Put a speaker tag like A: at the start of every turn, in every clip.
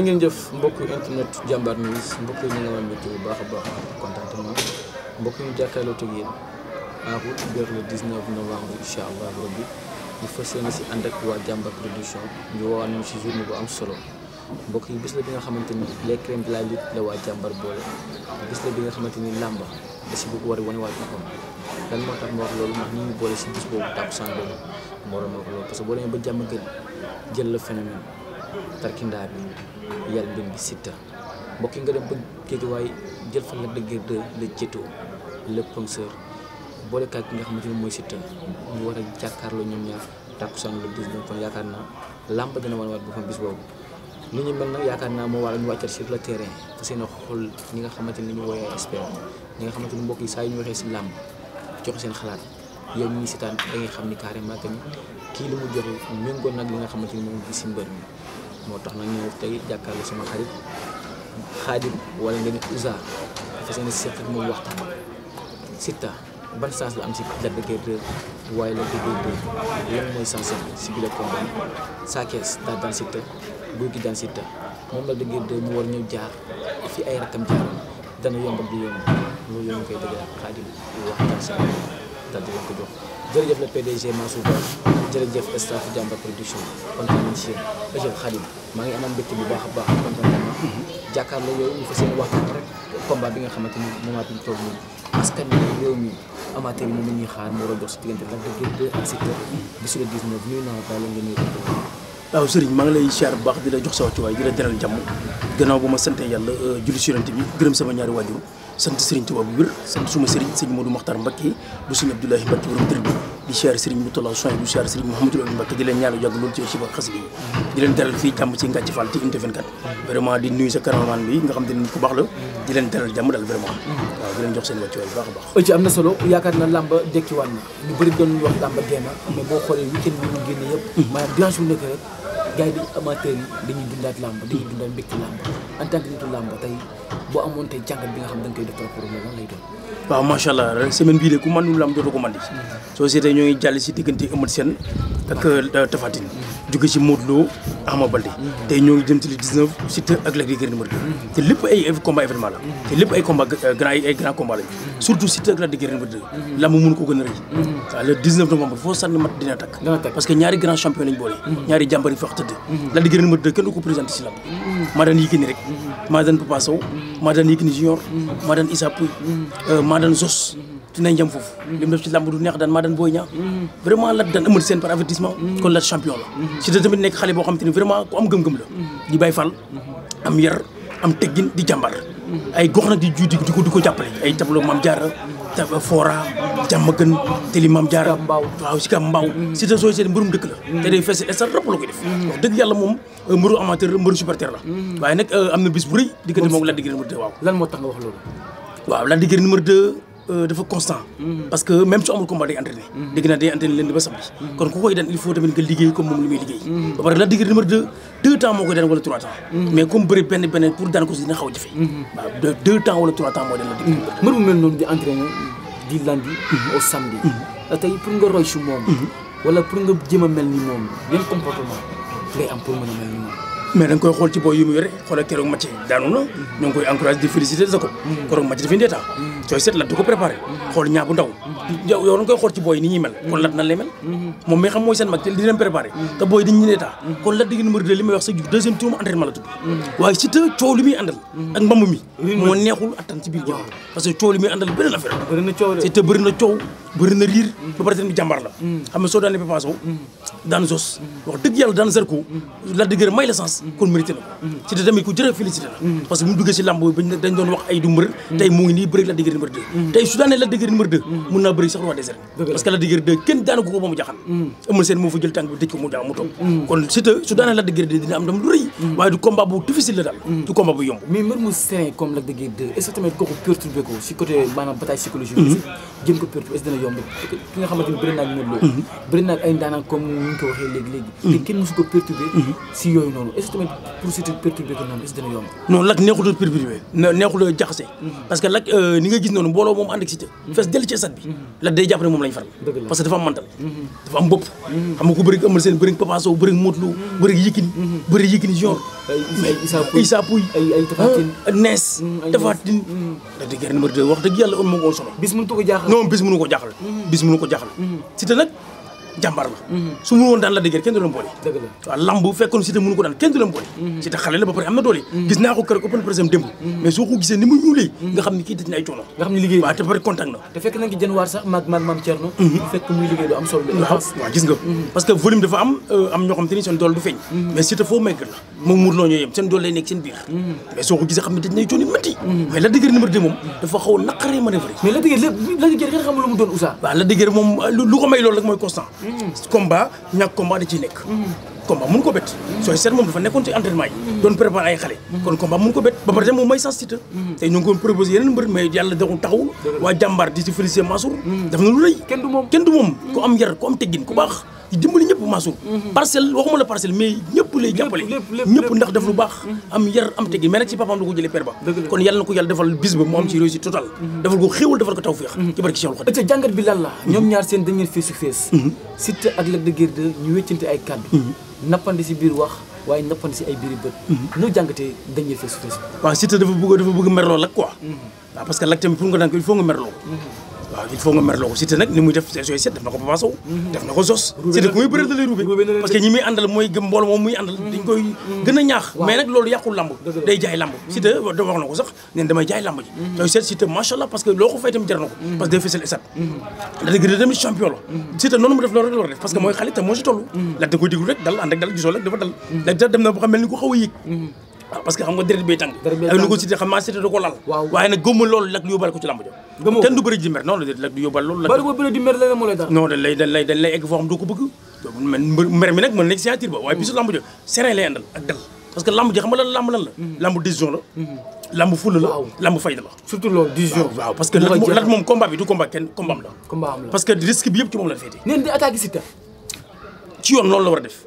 A: jërë ngeen jëf mbokk internet jàmbaar news mbokk ñu ngi am mbégte bu baax a baax contentement mbokk ñu jàkkaarloo teg yéen aaxut ber le 19 novembre incha allah rabbi ñu fas yéene si ànd ak waa jàmbaar production ñu woowaan ñu si journée bu am solo mbokk yi bis la bi nga xamante ni les crèmes de la lutte la boole bi nga xamante ni làmba da si bëgg war a wane waat boppam tax ma wax loolu ndax ñi boole si bis boobu tàpp saan boobu moo wax loolu parce que boo demee ba jàmm gën jël la phénomène tarkindaa bi yàlla mbir bi Siteu mbokk yi nga dem ba Géejawaay jël fa la dëgg de la jëtoo le penseur boolekaat bi nga xamante ne mooy Siteu ñu war a jàkkaarloo ñoom ñaar tàkkusaan la dis kon yaakaar naa làmb dina wan waat boppam bis boobu li ñu mel nag yaakaar naa moo waral ñu wàccal sur le terrain fa seen xool ñi nga xamante ni ñu wooyee expert ñi nga xamante ni mbokk yi saa yu ñu waxee si làmb joxe seen xalaat yow ñi ngi sitaan da ngay xam ni carrément que ni kii li mu joxe méngoon nag li nga xamante ni moom gis si mbër mi moo tax nag ñëw tey jàkkaarloo sama xarit xaadim wala nga ni usa dafa seen seq ak moom waxtaan Siteu ban sens la am si Lac de Guiers 2 waaye Lac de Guiers 2 lan mooy sens am si bile combat Sa Thiès daa daan Siteu Gouye Gui daan Siteu moom Lac de Guiers 2 mu war ñëw jaar fi ay rakkam jaar dana yombal di yomb loolu yow ñu koy dëgëral xaadim waxtaan si te di leen ko jox jërëjëf la PDG Mansour Ba jërëjëf staff Jambar production kontaan nañ si yéen Khadim maa ngi amoon mbégte bu baax a baax kontaan naa jàkkaarloo yooyu ñu fa seen waxtaan rek combat bi nga xamante ni moment bi ñu toog nii askan yi moom la ñuy xaar mu war a jox si diggante Lac de Guiers 2 ak Siteu bi sur le 19 naa la bàyyi la nga
B: waaw sëriñ maa ngi lay siyaar baax di la jox sa wàccuwaay di di leen ñaanal jàmm ci Ngathie waaw di leen jox seen wàccuwaay bu baax a
A: baax ci am na solo yaakaar na làmba dekkiwaat na ñu bëri doon wax làmba deena mais xoolee week-end bi génne yëpp maanaam dimanche nekk rek gaydu amateen dañuy dundaat lamb dañuy dundaat mbégte lamb en tant que nitu lamb tey bo amoon tey jàngat bi nga xam da nga koy defal pour lan lay doon
B: waaw macha allah semaine bii de ku mandul lamb jotu ko mandi société ñoo ngi jàll si diggante Ahmed Sène ak Tafatine jóge ci Modou Lo Ama Baldé tey ñoo ngi ci le 19 Siteu ak Lac de Guiers numéro te lépp ay combat événement la te lépp ay combat grand combat lañu surtout Siteu ak Lac de Guiers numéro lamb mënu ko gën a rëy waaw le 19 novembre foo sànni mat dina takk parce que ñaari grand champion lañ boole mm-hmm. ñaari jàmbar yi fa wax tëdd mm-hmm. Lac de kenn du ko présenté ci lamb
A: mm-hmm.
B: maa daan Yékini rek maa daan Papa Sow maa daan Yékini Junior dinañ jëm foofu. li mu def maa daan booy ñaax. vraiment lat daan ëmmal seen par avertissement. kon lat champion la. Mhm. si da tamit nekk xale boo xam te vraiment ku am gëm-gëm la. Mhm. di fal mhm. am yar am teggin di jàmbar. ay gox na di ju di ko di ko jàppale ay tableau maam jaara foora jàmm gën teli maam jaara waaw si kam mbaaw si ta sooy seen mbërum dëkk la te day fees esa rëpp la koy def wax dëgg yàlla moom euh, mbëru amateur mbëru supporter la waaye nag euh, am na waaw lan moo euh, dafa constant lah. mm -hmm. parce que même su amul combat day entraîner mm -hmm. dégg naa day entraîner leen di ba sam kon ku koy dan il faut tamit nga liggéey comme moom li muy liggéey ba pare la digg numéro 2 deux temps moo koy dan wala trois temps mais comme bëri benn benn pour dan ko dina xaw jafe waaw deux temps wala trois temps moo dan la digg mën mu mel noonu
A: di entraîner di lundi au samedi tey pour nga roy su moom wala pour nga jëm a mel ni moom yan comportement lay am pour mën a mel ni moom
B: mais da nga koy xool ci booy yu mu yore xoolal keroog match daanu na koy encouragé di félicité sa ko mm. keroog match dafay ndeetaa sooy mm. seet lat ko préparé xool ñaa bu ndaw mm. yow koy xool ci booy ni ñuy kon lat nan lay mel mm-hmm. moom mais xam mooy seen mag di leen préparé te booy dañuy ndeetaa kon lat dëgg numéro 2 li may wax sa jur deuxième tour entraînement la tudd waaye si te coow li mi moo neexul attan ci biir que coow li muy àndal Mm-hmm. kon mérité na ko mm-hmm. Siteu tamit ku jërë félicité la mm-hmm. parce que mu duggee si lamb bañ dañ doon wax ay du mbër tey mu ngi nii bëri la dëgër numéro 2 tey su daanee la dëgër numéro 2 mun naa bëri sax mu jaxal jël tànk dëj ko mu jaaw mu kon Siteu su daanee la dëgër dina am dam lu rëy waaye du combat bu
A: difficile la daal du combat bu yomb mais mbër mu sain comme la dëgër 2 est-ce que tamit kooku si côté maanaam bataille psychologique jëm ko pertuis dina yomb ki nga xamante ni bëri naa ak Modou Lo mhm. bëri naa ak ay ndaanaan comme ni ñu ko waxee léegi léegi mhm. te kenn mosu ko perturbé mhm. si yooyu noonu est-ce que tamit pour surtout perturbé ko noonu est-ce que dina yomb
B: non lak neexutul perturbé neexul jaxase parce que lak euh, ni nga gis noonu mbooloo moom ànd ak Siteu fees del ci sat bi lak day jàpp ne moom lañ faral parce que dafa am mantal dafa am bopp xam nga ko bëri amal seen bëri Papa Sow bëri Modou Lo bëri Yékini bëri Yékini genre Issa Pouye
A: ay Tapha Tine
B: ah, nees mm, Tapha Tine da mm. di guerre numéro deux wax dëgg yàlla on moo ko woon solo ñoom bis mënu ko jaxal mm-hmm. bis mënu ko jaxal Siteu mm-hmm. nag jàmbaar la mhm. su mënu woon daan la dëgër kenn du leen boole waaw fekkoon Siteu mënu ko daan kenn du leen boole mhm. xale la ba pare am na doole mhm. gis naa ko kër ko pare contact na te fekk na ngi doole du feeñ mais Siteu foo maigre la moom doole lay a naqaree manœuvre moom lu ko may loolu rek constant combat ñàkk combat da ciy nekk. combat mun ko bett sooy seet moom dafa nekkoon ci entraînement yi doon préparé ay xale kon combat mun ko bett ba pare moom may sens Siteu tey ñu ngi ko proposé yeneen mbër mais yàlla daxul taxawul waa jàmbaar di ci félicité Mansour mm. daf na lu rëy kenn du moom kenn du moom ku am yar ko am teggin ku baax di dimbali ñëpp Mansour mhm. parcelle waxuma la parcelle mais ñëpp lay jàppale ñëpp ndax def lu baax mhm. am yar am tegi mais nag ci papaam la ko jëlee ba kon yàlla na ko yàlla defal bis ba am ci mhm. réussite totale defal ko xéewal
A: defal ko tawfeex ci barki Cheikhul Khadim jàngat bi lan la ñoom nappandi si biir wax waaye nappandi si ay biiri bët noo
B: jàngatee dañeen face to face waaw dafa bëgg dafa bëgg merloo Lac quoi
A: waaw
B: parce que Lac tamit pour nga daan il faut nga merloo waaw il faut nga merloo ko Siteu nag ni muy def sooy seet def na ko Papa mhm.
A: def na ko Zos Siteu ku muy bëri rube
B: parce que ñi muy mooy gëm moom muy àndal mhm. dañ gën a ñaax mais nag loolu yàqul lamb day jaay lamb Siteu mhm. wax na parce que loo ko fay tam jar ko parce que day fësal esat da dem na boo xam mel ni ko xaw a waaw ah, parce que xam nga deret bay tàng ay négocié xam maa seetlu da ko lal waaye nag gëmma loolu nag lu yóbbal ko ci lamb jo kenn du bëri di mer non déet nag du yóbbal loolu non dañ lay lamb jo la mhm. lamb décision lamb mhm. fulla la parce que lat moom combat bi du combat parce que risque bi yëpp ci moom la féete neen ci yoon loolu la war def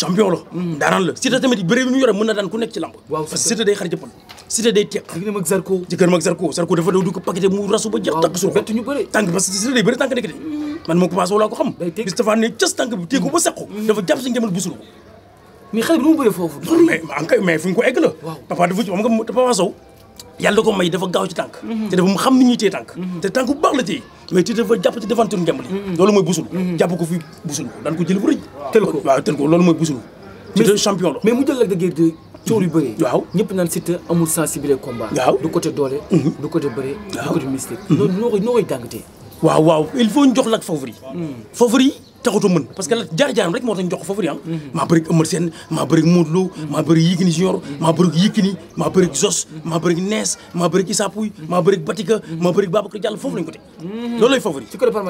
B: champion la hmm. daanaan la Siteu tamit bëre bi mu yore mën na daan ku nekk ci lamb parce day xar jëppal Siteu day teq diggante ak Zarko diggante dafa daw du ko mu rasu ba jeex takk suuf day bëre tànk nekk de hmm. man moo commencé ko xam Moustapha ne cës tànk bi téegu ba sequ hmm. dafa jàpp si ngemal busulu mais xale bi nu mu bëree foofu mais mais fu ñu papa dafa xam Yalla ko may dafa gaw ci tank mhm. te dafa mhm. te tank bu baax la téye mais te dafa japp ci le li moy mhm. busul japp ko fi busul ko ko jël bu tel ko waaw ko busul champion la mais mu jël la de guerre 2 coow waaw ñepp site amul sensibilité combat du côté dolé du côté du côté mystique koy waaw il faut ñu jox taxuta mën parce que la jaar-jaaram rek mo tax jox fofu foofu ma ah mhm. maa sen ma Sène modlo ma Modou yikini mhm. maa bëri Yékini Junior mhm. ma bëri Yékini ma bëri Zos ma bëri Nees maa bëri Issa Pouye maa Batika ma bëri Babacar Diallo fofu lañ ko teg loolu lay favori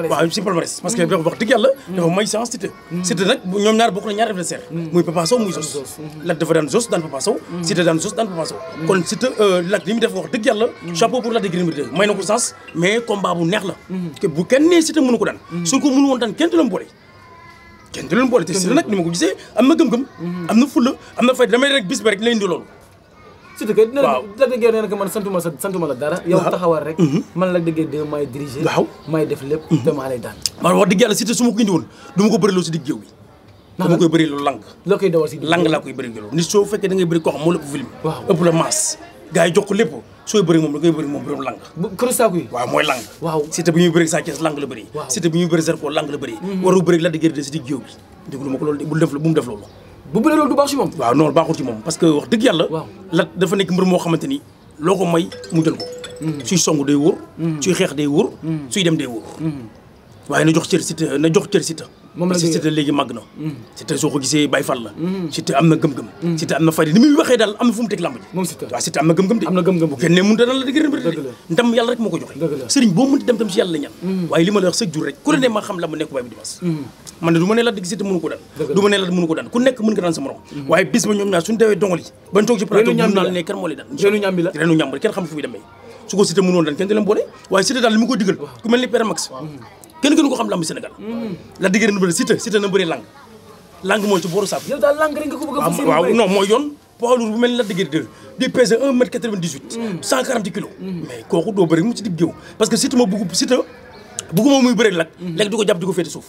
B: waaw si palmarès parce que dafa wax dëgg yàlla dafa may chance Siteu Siteu nag ñoom ñaar bokk na ñaar ser muy Papa Sow muy Zos Lac dafa dan jos dan Papa saw Siteu dan Zos dan Papa saw kon Siteu euh, Lac limi def wax dëgg yalla chapeau pour la de Guiers may na ko chance mais combat bu neex
A: la
B: bu kenn nee Siteu mënu ko dan su ko mënu won dan kenn du la boole kenn du boleh boole te sëri ni ma ko gisee am na gëm-gëm mhm. am na fulla am na fay damay rek bis ba rek lay indi loolu surtout que na la déggee nee na man santuma
A: sa santuma la dara yow taxawal rek mhm. man la déggee de may diriger waaw may def lépp mhm. te maa lay daan
B: man wax dëgg yàlla si te su ma ko indi woon du ma ko bëri loo si digg yow bi dama koy lang la koy dawal lang la koy bëri loolu nit soo fekkee da ngay bëri film waaw ëpp la masse gars yi sooy bëri moom da ngay bëri moom bëri lang kër saaku yi waaw mooy lang waaw Siteu bu ñuy bëri Sa Thiès lang la bëri Siteu bu ñuy bëri Zarko lang la bëri mm-hmm. waru bëri la dëgg de si di géew bi déglu ma ko loolu bu def bu mu def loolu bu bëri loolu du baax si moom waaw non baaxul ci moom parce que wax dëgg yàlla la dafa nekk mbër moo xamante ni loo ko may mu jël ko mm-hmm. suy song day wóor mm-hmm. suy xeex day wóor suy dem day wóor waaye na jox cër Siteu na jox cër Siteu moom la Siteu léegi màgg na. Mm. Siteu soo ko gisee Baye Fall la. Mm. am na gëm-gëm. Mm. Siteu am na fayda ni muy waxee daal am na fu mu teg làmb de. am na rek moo ko joxe. sëriñ boo mënti dem tam si yàlla la ñaan. waaye li ma la rek ku nekk baay bi dimanche. sa morom. waaye bis ñoom ñaar suñu dawee dongal yi bañ toog ci plateau mun naa ne kenn moo lay daan reenu ñàmbi la reenu kenn xam fu muy demee su ko Siteu mënoon daan kenn di waaye Siteu daal li kenn gënu ko xam lamb Sénégal. la diggante nu bëri Siteu Siteu na bëri lang lang mooy ci booru saabu.
A: waaw non mooy yoon.
B: poids lourd bu mel ni la diggante deux di un mètre quatre dix huit mm. cent quarante kilos. Mm. mais kooku doo bëri mu ci digg parce que Siteu ma bëgg Siteu bëgguma muy bëri lak mm. léegi di ko jàpp di ko féete suuf.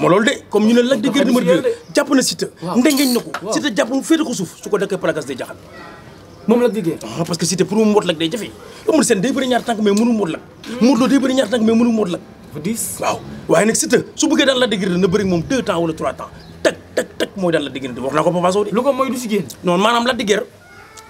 B: ma loolu de comme ñu ne Lac de Guiers numéro jàpp na Siteu ndengeñ na ko Siteu jàpp mu ko suuf su ko dëkkee palagas day moom la déggee ah parce que Siteu pour mu mboot Lac day jafe amul seen day bëri ñaar tànk mais mënu mboot Lac Modou Lo day bëri ñaar tànk mais mënu mboot Lac dafa waaw waaye nag Siteu su bëggee daan la dégg na bëri moom deux temps wala trois temps tak tak mooy daan la dégg wax naa ko Papa Sow de lu ko mooy du si génn non la dégg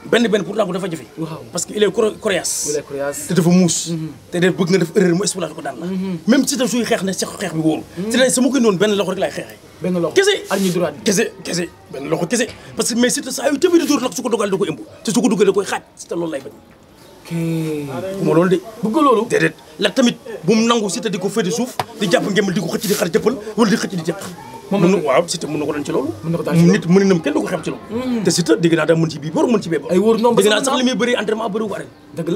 B: ben ben pour làngu dafa jëfé parce que il est coriace. il est coriace té dafa muus. Mhm. té de bëgg nga def erreur mo exploité ko dal la. Mhm. même si tam suy xex ne sax xeex bi wóorul. si mhm. ne sama koy non ben loxo rek lay xeexee. ben loxo ar ñu droit kese kese ben loxo kese parce que mais si te saa yu tamit di dóor nak su ko dogal da koy ëmb te su ko duggee da koy xaaj si te lay bañ. ké mo loolu dé bëgg loolu déedéet la tamit bu mu nangu si te diko ko suuf di japp ngeen di ko xëcc di xar jëppal wala di xëc di jàpp. mën na waaw Siteu mën na ko daan ci loolu nit mën na kenn du ko ci loolu mm. te Siteu dégg naa daa mën ci bii boor mën ci bee boor naa sax li muy bëri entraînement bëri wu arène dëgg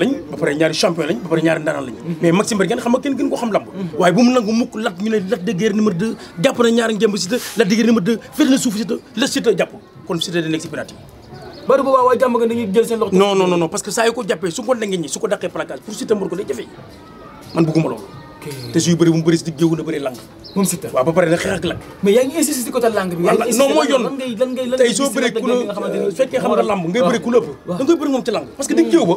B: lañ ba pare ñaari champion lañ mm-hmm. mais Maxime Bergan kenn gën koo mm-hmm. waaye bu mu nangu mukk lat ñu ne lat de guerre na ñaari njëmb Siteu lat de guerre numéro kon Siteu da nekk si penalty bari bu wa jamm nga dañuy jël sen loxo non non non parce que sa yoko jappé su ko na nga ni su ko daxé placage pour sité mbour ko lay jafé man bëgguma lool té su bari bu bari sité gëw na bari lang mom sité wa ba bari la xéx lak mais ya ngi insister ci côté lang bi ya non moy yoon lan ngay
A: lan ngay lan ngay tay so bari ku lo fekké xam nga lamb ngay bari ku
B: lepp da ngay bari mom ci lang parce que di gëw ba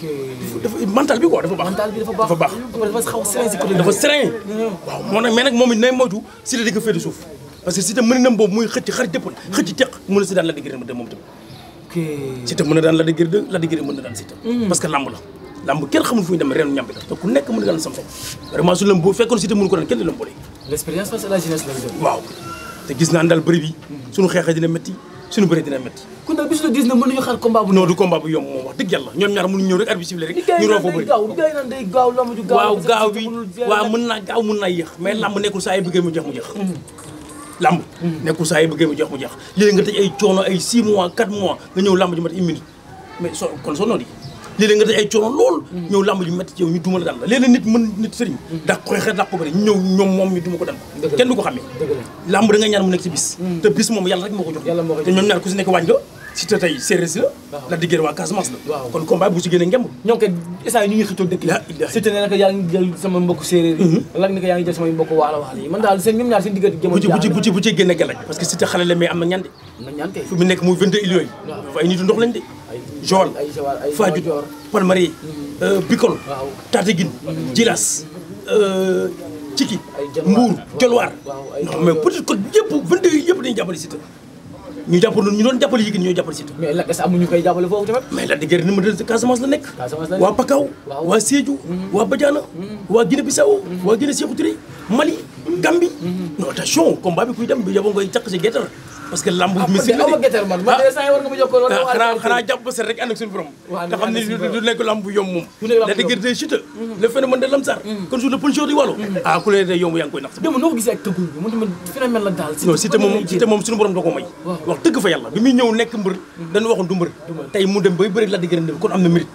B: ok dafa bi quoi dafa dafa baax
A: dafa baax. dafa xaw
B: moom it nay moytu si la di ko féete parce que si te mën na boobu muy xëcc xar jëppal la diggante moom tamit. ok si daan la diggante la diggante daan si te. Hmm. parce que lamb la lamb kenn xamul fu ñu demee reenu ñambi la te ku nekk mën na daan sam sam vraiment su lam boo fekkoon si te mënu ko daan kenn du lam boole.
A: l'
B: te gis naa daal bëri bi hmm. suñu xeexee dina métti suñu bëree dina métti kon bisu la gis na mën nañu xaar combat bu non du combat bu yomb moom wax dëgg yàlla ñoom ñaar mënuñu ñëw rek arbitre sifflé rek ñu roo foo bëri
A: gaaw lamb ju gaaw waaw gaaw bi waaw mën
B: naa gaaw mën naa yéex mais mm. lamb nekkul saa yi bëggee mu jeex mu jeex mm. lamb mm. nekkul saa yi bëggee mu jeex mu jeex léegi nga tëj ay coono ay 6 mois 4 mois nga ñëw lamb ji mat une minute mais so kon soo noo léeg nga daj ay coono lool ñëw làmb ji métti ci yow ñu duma la daan la nit mën nit sëriñ mm-hmm. daa koy xeet daa ko ñëw ñoom moom mm. si nekk waañ la parce que si te xale la am na de am mu nekk muy vingt-deux millions ay nitu ndox lañ de Joal Fadiouth Palmarin euh, Bikol Tataguine Djilas Ciki euh, Mbour Djolwaar non mais peut-être que yëpp vingt deux yëpp dañuy jàppale Siteu ñu jàppal ñu doon jàppale Yékini ñoo jàppale Siteu mais Lac de Guiers amuñu koy jàppale ni ma dëgg Casamance la nekk waa Pakao waa Sédhiou mm-hmm. waa Badiana mm-hmm. waa Guinée Bissau mm-hmm. waa Guinée Sékou Mali Gambie non attention combat bi kuy dem bi yabo ngoy caq si gertar parce que lamb ah, musique la ah. ah, xanaa xanaa jàpp ba set rek ànd ak suñu borom te xam ne nekk lamb bu moom la dëgër day chute le phénomène de lamsar mm-hmm. kon su le pëlsor di wàllu mm-hmm. ah ku leen day yomb yaa ngi koy nax démb noo ko ak tëgg fa yàlla bi muy ñëw nekk mbër mm-hmm. dañu waxoon du mbër tey mu dem bay bëri la dëgër kon am na mérite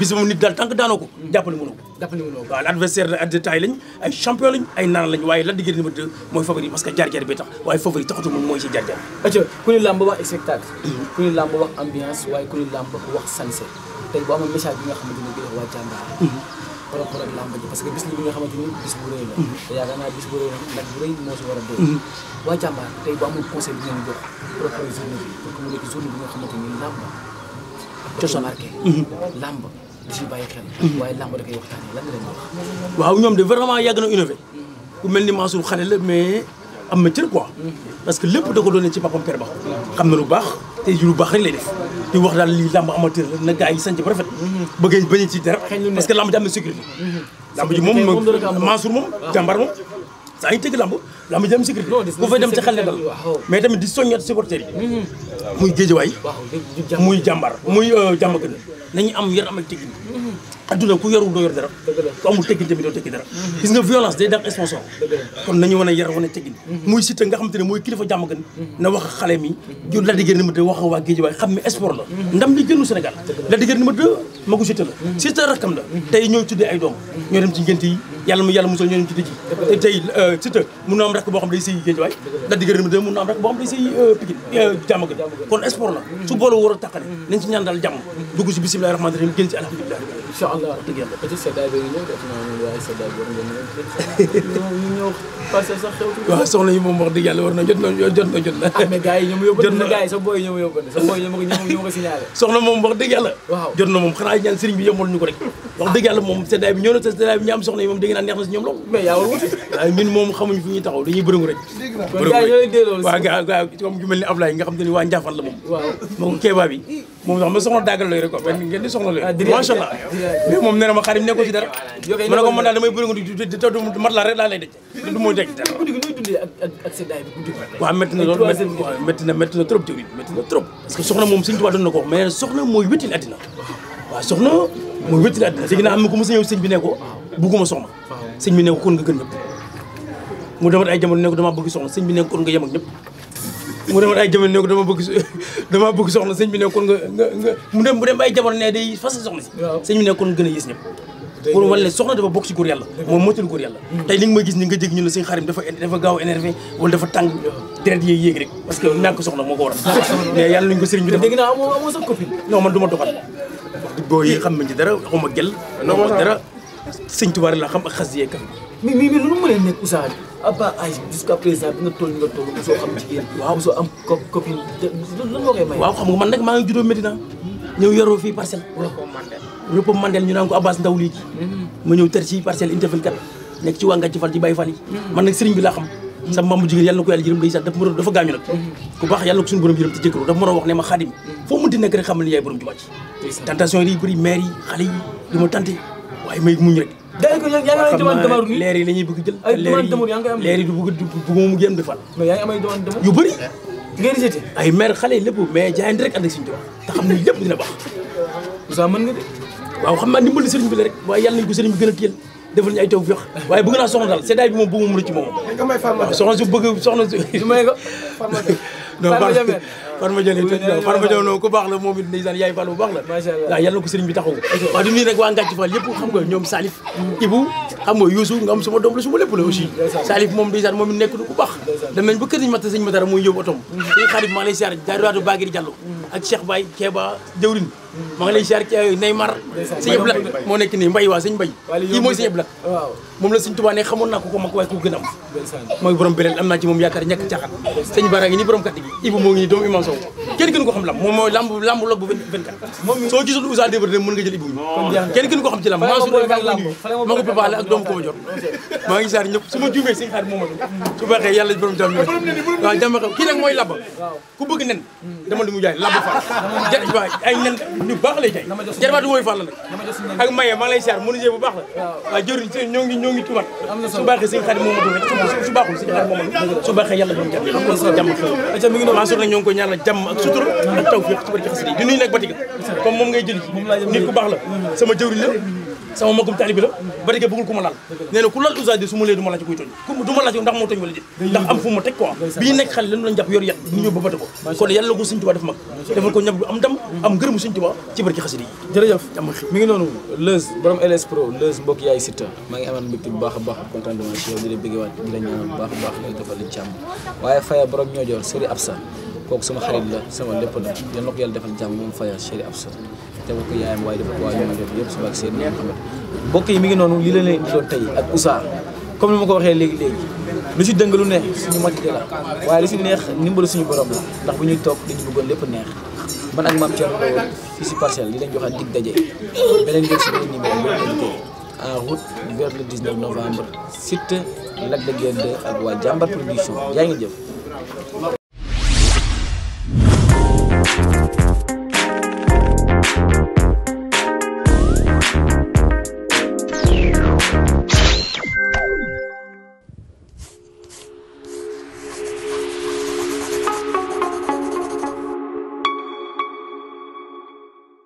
B: bis moom nit daal tànk daanoo ko jàppale mënoo ko waaw l'adversaire de détail lañ ay champion lañ ay naan lañ waaye la diggéen numéro mooy favori parce que jaar-jaar bi tax waaye favori taxatu mooy si jaar-jaar
A: aco ku ni làmb a waa jàmbaar par rapport ak làmb ji parce que bis li bi nga xamante ni bis bu rëy mm-hmm. moo si war a doon mm-hmm. cosaan marqué. Mhm. làmb di si bàyyi xel. Mhm. waaye làmb da koy
B: waaw ñoom de vraiment yàgg na innové. ku mel ni Mansour xale la mais am na cër quoi. Mhm. parce que lépp da ko doonee ci papam père ba xam na lu baax te lu baax rek lay def. di wax daal lii làmb amateur na gars yi sant ba rafet. bëgg bañ ci dara parce que làmb ji am na sécurité.
A: làmb ji moom Mansour moom jàmbar moom.
B: saa ngi tëgg lamb lamb jëm sécurité ku fay dem ci xel ne dal mais tamit di soññat supporter yi mm-hmm. muy géejawaay muy jàmbar muy euh, jàmba gën nañu am yar am ak teggin adduna ku yarul doo yor dara ku amul teggin tamit doo teggi dara mhm. kon nañu wane yar wane teggin mhm. muy Siteu nga xam te ne mooy kilifa jàmm gën mhm. na a xale a xam ne sport la ndam la diggéen ni ma de magu Siteu la Siteu rakkam la tey ñooy tuddee ay doom ñoo dem ci ngénte yi yàlla mu yàlla musal boo xam day na am rakk boo xam day kon sport la su boolu war a tàqale nañ ci ñaan daal jàmm si bismillahi rahmani rahim génn ci alhamdulilah incha allah dëgg yàlla soxna moom wax dëgg yàlla war na jot na jot na jot na mais gars yi ñoom yóbbu na gars yi sa
A: booy ñoom yóbbu na sa booy ko signalé
B: soxna moom wax dëgg yàlla waaw moom xanaa ñaan sëriñ bi yombal ñu ko rek wax dëgg yàlla moom seddaay bi ñëw seddaay bi ñu am soxna moom dégg neex na si ñoom lool mais moom xamuñ fu ñuy taxaw dañuy bërëngu rek waaw gars yi comme ju mel ni Ablaye nga xam te waa Njaafaan la moom moom keebaa moom sax ma soxna dàggal looy rek quoi ngeen di soxna looy ah, macha allah mais moom nee na ma xarit nekkul ci dara rek laa lay daj mooy daj dara na loolu métti trop jawit métti trop parce que soxna moom sëñ Tuubaa doon na ko wax mais soxna mooy wéttali àddina soxna mooy wéttali àddina sëñ na am na ku ma sa ñëw sëñ bi ne ko bugguma soxna sëñ bi ne ko kon nga gën ñëpp mu demat ne ko dama bëgg soxna sëñ bi ne ko nga yem ñëpp mu demoon ay jamono ne ko dama bëgg dama bëgg soxna sëñ bi nekkoon nga nga nga mu dem mu dem ay jamono ne day fas soxna si sëñ bi nekkoon gën a yées ñëpp pour wala soxna dafa bokk ci góor yàlla moom motul góor yàlla mm. ma gis ni nga dégg ñu ne dafa dafa gaaw énervé wala dafa tàng deret yee yéeg rek soxna moo ko waral mais yàlla nañ a sëriñ bi dégg
A: naa amoo amoo sax copine ma doxal
B: boo yi xam nañ dara xaw ma gel xaw a dara sëñ tubaar la xam a xas yee
A: mi mi mi lu mu leen nekk usaani abba ay jusqu' à présent bi nga toll nga toll musoo xam jigéen waaw musoo am co copine lan la koy may. waaw xam nga man nag maa ngi juróom Medina. ñëw yoroo ya, fii parcelle. Rupo Mandel.
B: Rupo Mandel ñu naan ko Abbas Ndao léegi. ma hmm. ñëw ter ci parcelle Inter 24 nekk ci Wanga ci Fall ci Baye Fall yi. Hmm. man nag sëriñ bi laa xam. Hmm. sa mamu jigéen yàlla na ko yàlla jërëm ndeysaan dafa dafa gaañu nag. ku baax yàlla ko suñu borom jërëm te jëkkëroo dafa mënoon wax ne ma xaadim. foo mënti nekk rek xamal ni yaay borom jubaat yi. tentation yi bëri maire yi xale yi li ma tante waaye may muñ rek. gaa yi ko yi la ñuy bëgg jël. ay demande demande yaa ngi koy am leer yi du bëgg bëgguma mu génn di fal. yu bëri. ay maire xale yi lépp mais jaay rek ànd ak suñu tubaab te xam na lépp dina baax. Moussa mën nga de. waaw xam naa ndimbali sëriñ bi la rek waaye yàlla nañ ko sëriñ bi gën a téyel defal ñu taw feex waaye bëgg naa soxna daal seddaay bi moom bëgguma mu rëcc moom. soxna su bëgg soxna su. may ko. Farma Dione toj Farma Dione noonu ku baax la moom it ndeysaan yaay Fall bu baax la waaw yal na ko sëriñ bi taxaw waaw di nuyu nag waa Ngàcc Fall yëpp xam nga ñoom Salif Ibou xam nga Youssou nga am suma doom la suma lépp la aussi Salif moom ba kër nañ matta sëñ la sëñ Tuubaa xamoon naa ko ko mag waaye ko gën
A: am
B: borom beneen am naa ci moom yaakaar ñàkk caxat sëñ Bara ngi nii borom katt gi moo ngi nii doomu imam Sow kenn gën ko xam lamb mooy lamb lamb log bu 24 soo gisul Ousa Débordé mën nga jël Ibou kenn gën ko xam ci lamb maa suñu ma ko préparé ak doomu koo jot maa ngi saar ñëpp su ma juumee si moom su baaxee yàlla borom jàmm waaw jàmm xam kii nag mooy laba ku bëgg nen hmm. dama lu mu jaay labu Fall jët waay ay nen ñu baax la ak maye maa ngi lay siyaar menuisier bu baax la waaw jëriñ si ñoo ngi ñoo ngi tubaat su baaxee moom su baaxul sëñ xarit moom su baaxee ak mi ngi ak ci barke xasida yi di nag Batiga comme moom ngay jëli nit ku baax la sama jëriñ la sama magum taalibi la ba dëgg bëggul ku ma laal nee na ku laal defal ko ñab du am ndam am ngërëmu
A: maa ngi amaan mbégte bu baax a baax ak contentement Absa kooku sama xarit la sama lépp la yal na yàlla defal jàmm moom faya Sëriñ Absa teewul ko yaayam waaye dafa ko waa ñu ma def yëpp suba ak seen xam nga mbokk yi mi ngi noonu li la leen doon tey ak Oussa comme ni ma ko waxee léegi lu si dëng lu neex suñu matite la waaye lu si neex ndimbalu suñu borom la ndax bu ñuy toog dañu bëggoon lépp neex man ak maam Thierno Lo fii ci parcelle li leen joxaat dig daje beneen ngeen ci beneen numéro boo invité en route vers le 19 novembre site Lac de Guiers 2 ak waa Jàmbar production yaa ngi jëf